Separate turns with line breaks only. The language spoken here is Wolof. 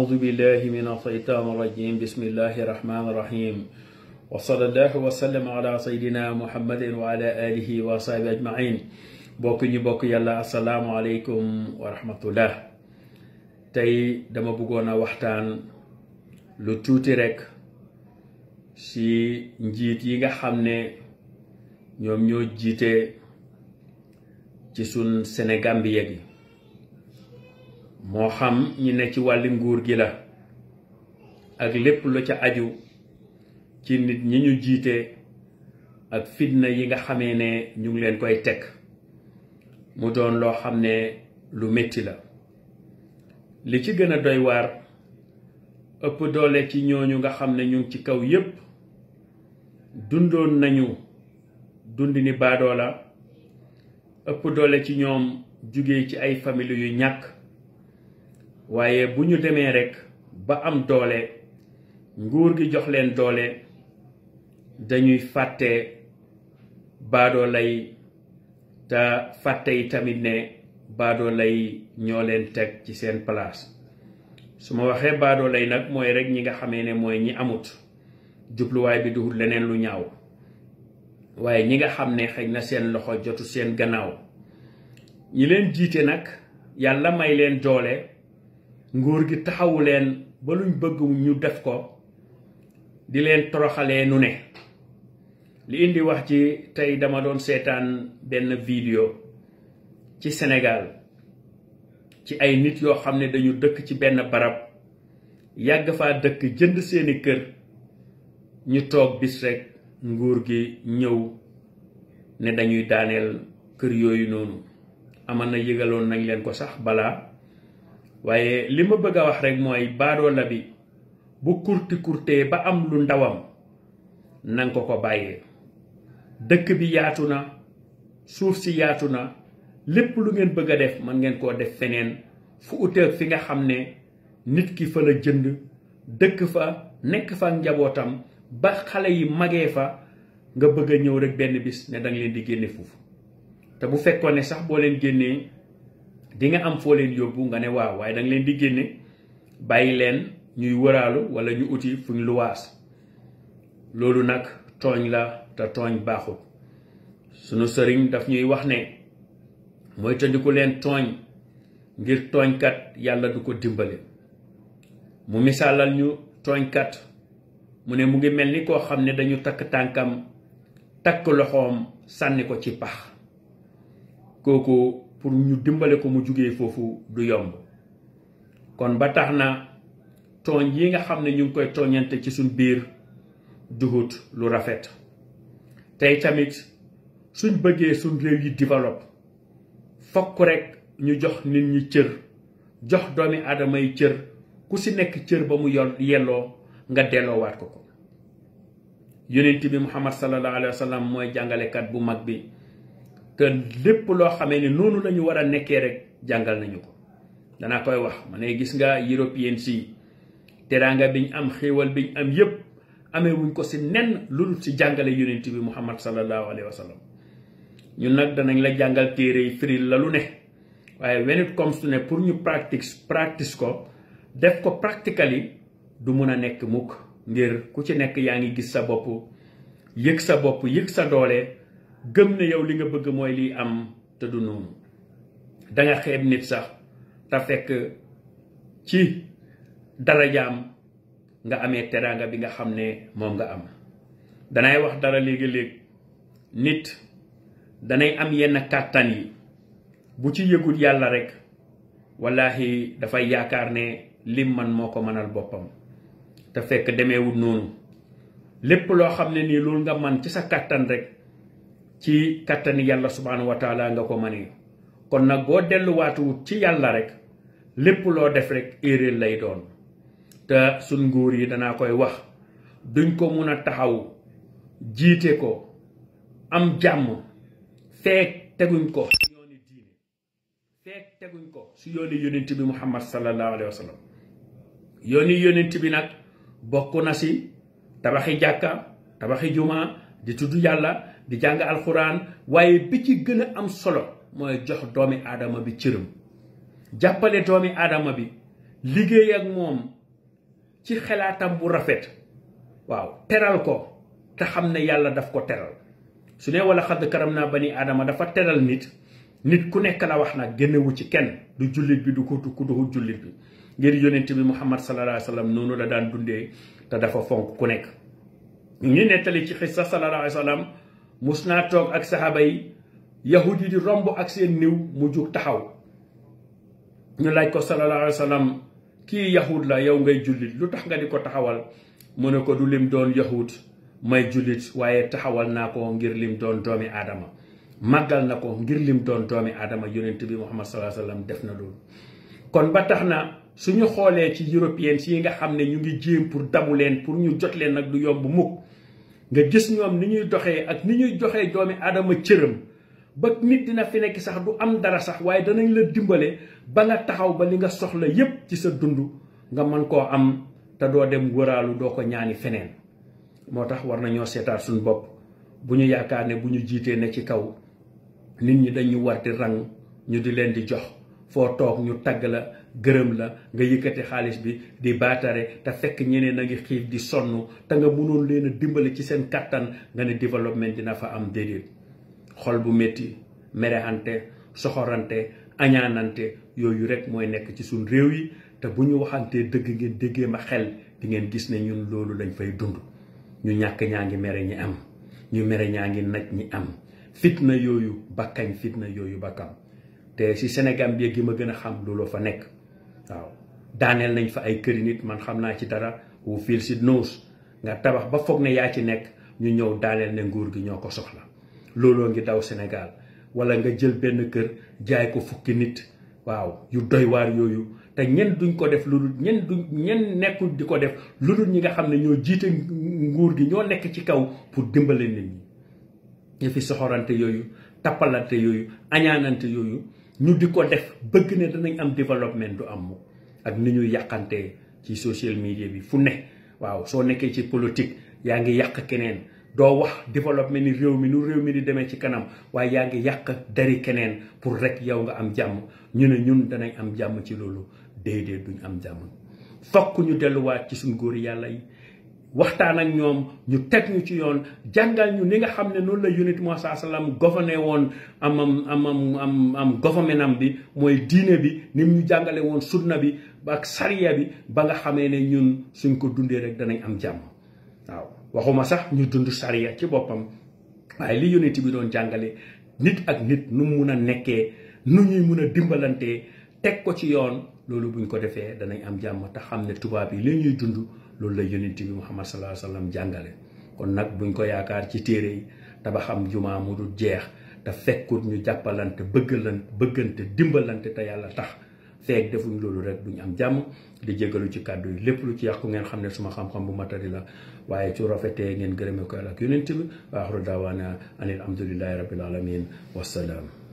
أعوذ بالله من الشيطان الرجيم بسم الله الرحمن الرحيم bokk ñu bokk yàlla asalaamualeykum wa rahmatullah tey dama bëggoon a waxtaan lu tuuti rekk ci njiit yi nga xam ne ñoom ñoo jiite ci sun Sénégambie gi moo xam ñi ne ci wàlli nguur gi la ak lépp la ca aju ci nit ñi ñu jiite ak fitna yi nga xamee ne ñu ngi leen koy teg mu doon loo xam ne lu metti la li ci gën a doy waar ëpp doole ci ñooñu nga xam ne ñu ngi ci kaw yépp dundoon nañu dund ni baadoo la ëpp doole ci ñoom jóge ci ay famille yu ñàkk waaye bu ñu demee rekk ba am doole nguur gi jox leen doole dañuy fàtte baadoo lay te fàtte yi tamit ne baadoo lay ñoo leen teg ci seen palaas su ma waxee baadoo lay nag mooy rekk ñi nga xamee ne mooy ñi amut jubluwaay bi duhut leneen lu ñaaw waaye ñi nga xam ne xëy na seen loxo jotu seen gannaaw ñi leen jiite nag yàlla may leen doole nguur gi taxawu leen ba luñ bëgg ñu def ko di leen toroxalee nu ne li indi wax ji tey dama doon seetaan benn vidéo ci Sénégal ci ay nit yoo xam ne dañu dëkk ci benn barab yàgg faa dëkk jënd seeni kër ñu toog bis rekk nguur gi ñëw ne dañuy daaneel kër yooyu noonu aman na yëgaloon nañ leen ko sax balaa waaye li ma bëgg a wax rek mooy baadoola bi bu kurti kurtee ba am lu ndawam nanga ko ko bàyyee dëkk bi yaatu na suuf si yaatu na lépp lu ngeen bëgg a def mën ngeen koo def feneen fu uteeg fi nga xam ne nit ki fa la jënd dëkk fa nekk fa njabootam ba xale yi magee fa nga bëgg a ñëw rek benn bis ne danga leen di génne foofu te bu fekkoon ne sax boo leen génnee di nga am foo leen yóbbu nga ne waaw waaye da leen di génne bàyyi leen ñuy wëraalu walla ñu uti fuñ luwaas loolu nag tooñ la te tooñ baaxul sunu sëriñ daf ñuy wax ne mooy tëndiku leen tooñ ngir tooñkat yàlla du ko dimbale mu misaalal ñu tooñkat mu ne mu ngi mel ni koo xam ne dañu takk tànkam takk loxoom sànni ko ci pax kooku pour ñu dimbale ko mu jugee fofu du yomb kon ba taxna togn yi nga xamné ñu koy tooñante ci suñ biir duhut lu rafet tay tamit suñ bëggé suñ réew yi develop fokk rek ñu jox nit ñi cër jox doomi adamay cër ku ci nekk cër ba mu nga delloowaat ko ko yonent bi muhammad sallallahu Alaihi Wasallam moy jangale kat bu mag bi que lepp lo xamene nonu lañu wara nekké rek jangal nañu ko dana koy wax mané gis nga européen si teranga biñ am xéewal biñ am yépp amé wuñ ko si nenn lu ci jangalé yoonent bi muhammad Sallallahu Alaihi Wasallam. ñun nak danañ la jangal téré yi firil la lu né waye when it comes to ne pour ñu practice practice ko def ko practically du mëna nekk mukk ngir ku ci nekk yaangi gis sa bop yek sa bop yek sa doole gëm ne yow li nga bëgg mooy li am te du noonu da nga xeeb nit sax ta fekk ci darajaam nga amee teranga bi nga xam ne nga am danay wax dara léegi-léeg nit danay am yenn kàttan yi bu ci yëgul yàlla rek wallahi dafay yaakaar ne lim man moo ko mënal boppam te fekk demeewul noonu lépp loo xam ne nii loolu nga man ci sa kàttan rek ci kattani yàlla subhanahu wa nga ko mënee kon nag boo delluwaatuwut ci yàlla rek lépp loo def rek erreur lay doon te sun nguur yi danaa koy wax duñ ko mun a taxaw jiite ko am jàmm feek teguñ ko su yooni diine teguñ ko su yooni yonent bi muhammad sallallahu alayhi wa sallam yonent bi nag bokk na si tabaxi jàkka tabaxi juma di tudd yàlla di jàng alquran waye bi ci gëna am solo moy jox doomi adama bi ciirum jàppale doomi adama bi liggey ak mom ci xelatam bu rafet waaw teral ko ta xamne yàlla daf ko teral su ne wala khad karamna bani adama dafa teral nit nit ku nek la wax nag génnewu ci kenn du julit bi du ko ku du julit bi ngir yonent bi muhammad sallallahu alayhi wasallam nonu la daan dundé ta dafa fonk ku nek ñu netali ci xissa sallallahu alayhi wasallam mus naa toog ak saxaaba yi yahud yi di romb ak seen niw mu jug taxaw ñu laaj ko sallallahu alayhi wa kii yahud la yow ngay jullit lu tax nga di ko taxawal mu ne ko du lim doon yahud may jullit waaye taxawal naa ko ngir lim doon doomi aadama màggal na ko ngir lim doon doomi aadama yonent bi muhammad sallallahu alayhi wa def na loolu kon ba tax na suñu xoolee ci européens yi nga xam ne ñu ngi jéem pour dabu leen pour ñu jot leen nag du yomb mukk nga gis ñoom ni ñuy doxee ak ni ñuy joxee doomi aadama cëram ba nit dina fi nekk sax du am dara sax waaye danañ la dimbale ba nga taxaw ba li nga soxla yépp ci sa dund nga mën koo am te doo dem wëraalu doo ko ñaani feneen moo tax war nañoo seetaat suñu bopp bu ñu yaakaar ne bu ñu jiitee ne ci kaw nit ñi dañu war di rang ñu di leen di jox foo toog ñu tagg la gërëm la nga yëkkate xaalis bi di baatare te fekk ñeneen a ngi xiif di sonn te nga mënoon leen dimbali ci seen kattan nga ne développement dina fa am déedéet xol bu métti merexante soxorante añaanante yooyu rek mooy nekk ci suñ réew yi te bu ñu waxantee dëgg ngeen déggee ma xel bi ngeen gis ne ñun loolu lañ fay dund ñu ñàkk ñaa ngi mere ñi am ñu mere ñaa ngi naj ñi am fitna yooyu bakkañ fitna yooyu bakkam te si Sénégal bi gi ma gën a xam loolu fa nekk waaw daaneel nañ fa ay këri nit man xam naa ci dara wu fiir si nous nga tabax ba foog ne yaa ci nekk ñu ñëw daaneel ne nguur gi ñoo ko soxla looloo ngi daw senegaal wala nga jël benn kër jaay ko fukki nit waaw yu doy yooyu te ñen duñ ko def lu dul ñen duñ ñen nekkul di ko def lu dul ñi nga xam ne ñoo jiite nguur gi ñoo nekk ci kaw pour dimbale nit ñi ñu fi soxorante yooyu tappalante yooyu añaanante yooyu ñu di ko def bëgg ne danañ am développement du am ak ni ñuy yàqante ci social media bi fu ne waaw soo nekkee ci politique yaa ngi yàq keneen doo wax développement ni réew mi nu réew mi di demee ci kanam waaye yaa ngi yàq dari keneen pour rek yow nga am jàmm ñu ne ñun danañ am jàmm ci loolu déedéet duñ am jàmm fokk ñu delluwaat ci suñ góor yàlla yi waxtaan ak ñoom ñu teg ñu ci yoon jàngal ñu ni nga xam ne noonu la unité moo saa salaam governe woon am am am am government bi mooy diine bi ni ñu jàngale woon sunna bi ak sariya bi ba nga xamee ne ñun suñ ko dundee rek danañ am jàmm waaw waxuma sax ñu dund sariya ci boppam waaye li unité bi doon jàngale nit ak nit nu mun a nekkee nu ñuy mun a dimbalantee teg ko ci yoon loolu buñ ko defee danañ am jàmm te xam ne tubaab yi li ñuy dund loolu lay yonent bi Muhammad sallallahu alayhi jàngale kon nag buñ ko yaakaar ci téere yi tabaxam jumaa mu dul jeex te fekkut ñu jàppalante bëggalante bëggante dimbalante te yàlla tax feek defuñ loolu rek duñ am jàmm di jégalu ci kàddu yi lépp lu ci yàqu ngeen xam ne suma xam-xam bu matari la waaye ci rafetee ngeen gërëme ko yàlla ak yonent bi waaxiru daawaana anil hamdulillahi rabbil alamin wasalaam